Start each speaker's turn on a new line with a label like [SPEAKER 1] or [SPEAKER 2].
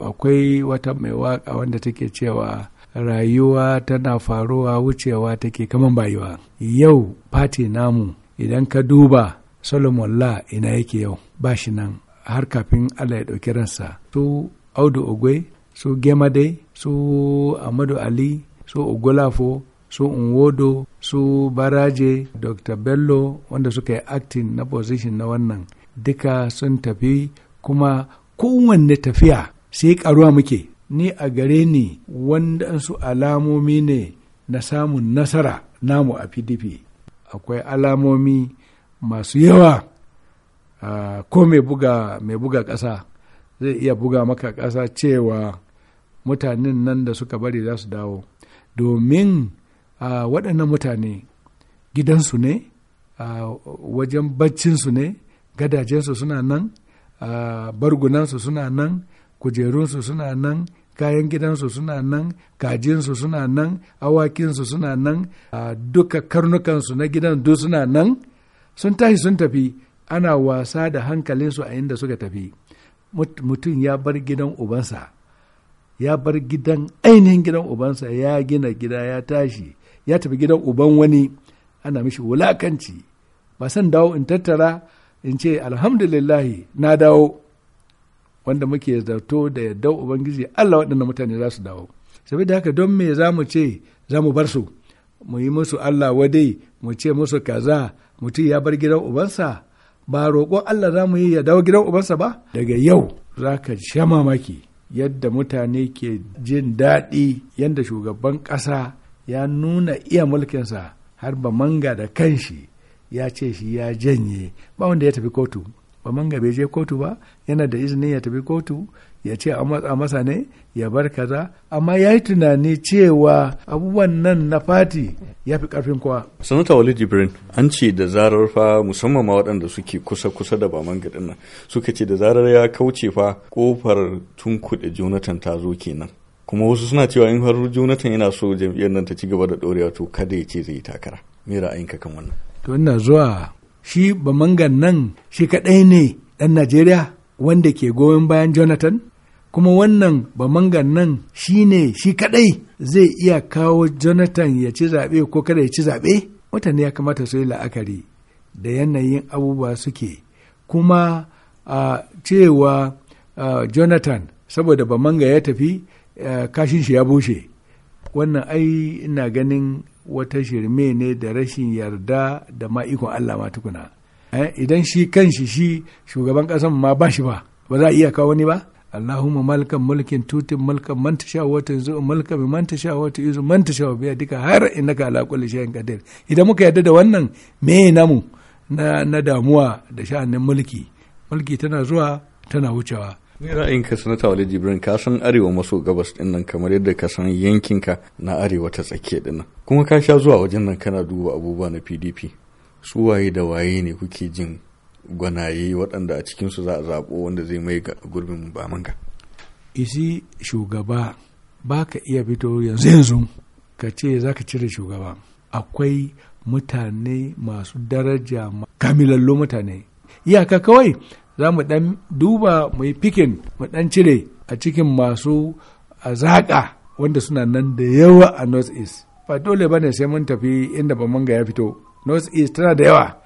[SPEAKER 1] akwai wata mai waka wanda take cewa rayuwa tana faruwa wucewa take kaman bayuwa yau fati namu idan ka duba solomon la ina yake yau ba shi nan har kafin allah ya ɗauki ransa su audu ogwe su gemade su amadu ali su ogolafo su unwodo su baraje dr bello wanda suka yi actin na position na wannan duka sun tafi kuma kowanne tafiya sai karuwa muke ni a gare ni wadansu alamomi ne na samun nasara namu a pdp akwai alamomi masu yawa ko mai buga mai buga ƙasa zai iya buga maka ƙasa cewa mutanen nan da suka bari za su dawo domin waɗannan mutane gidansu ne wajen baccinsu ne gadajensu suna nan bargunansu suna nan kujerunsu suna nan kayan gidansu suna nan kajinsu suna nan awakinsu suna nan duka karnukansu na gidan duk suna nan sun tashi sun tafi ana wasa da hankalinsu a inda suka tafi mutum ya bar gidan ubansa ya bar gidan ainihin gidan ubansa ya gina gida ya tashi ya tafi gidan uban wani ana mishi wulakanci ba san dawo in tattara in ce alhamdulillahi na dawo wanda muke zato da yadda ubangiji Allah waɗannan mutane za su dawo saboda haka don me za mu ce za mu bar su mu yi musu Allah wadai mu ce musu kaza mutum ya bar gidan ubansa ba roƙon Allah za mu yi ya dawo gidan ubansa ba daga yau za ka sha mamaki yadda mutane ke jin daɗi yadda shugaban ƙasa ya nuna iya mulkinsa har ba manga da kanshi ya ce shi ya janye ba wanda ya tafi kotu ba manga bai je kotu ba yana da izinin ya tafi kotu ya ce a matsa masa ne ya bar kaza amma ya yi tunani cewa abubuwan nan na fati ya fi karfin kowa.
[SPEAKER 2] sanata wali jibrin an ce da zarar fa musamman ma waɗanda suke kusa-kusa da baman gaɗin nan suka ce da zarar ya kauce fa kofar tunkuɗe jonathan ta zo kenan kuma wasu suna cewa in har jonathan yana so jam'iyyar nan ta ci gaba da ɗorewa to kada ya ce zai yi takara me ra'ayinka kan wannan.
[SPEAKER 1] to ina zuwa shi bamangan nan shi kaɗai ne ɗan Najeriya wanda ke goyon bayan Jonathan? Kuma wannan bamangan nan shi ne shi kaɗai zai iya kawo Jonathan ya ci zaɓe ko kada ya ci zaɓe? Mutane ya kamata su yi la'akari da yanayin abubuwa suke. Kuma a cewa Jonathan saboda bamanga ya tafi kashin shi ya bushe. Wannan ai ina ganin wata shirme ne da rashin yarda da ma'ikon Allah ma tukuna eh, idan shi kan shi shugaban ƙasan ma ba shi ba ba za a iya kawo ni ba Allahumma malkan mulkin tutin malkan manta sha wa tanzu malkan bi manta sha wata tu'izu manta sha biya duka har ina ka alaƙulli shay'in kadir. idan muka yarda da wannan me namu na damuwa da sha'anin mulki mulki tana zuwa tana wucewa
[SPEAKER 2] ra'ayin ka sanata Wale Jibrin ka san arewa maso gabas din nan kamar yadda ka san yankinka na arewa ta tsakiya din nan. Kuma ka sha zuwa wajen nan kana duba abubuwa na PDP. Su waye da waye ne kuke jin gwanaye waɗanda a cikinsu za a zaɓo wanda zai mai ga gurbin bamanga.
[SPEAKER 1] Isi shugaba ba ka iya fito yanzu yanzu ka ce za ka cire shugaba. Akwai mutane masu daraja kamilallo mutane. Iyaka kawai za mu ɗan duba mu yi fikin mu ɗan cire a cikin masu zaƙa wanda suna nan da yawa a north east ba dole ba ne sai mun tafi inda ba manga ya fito north east tana da yawa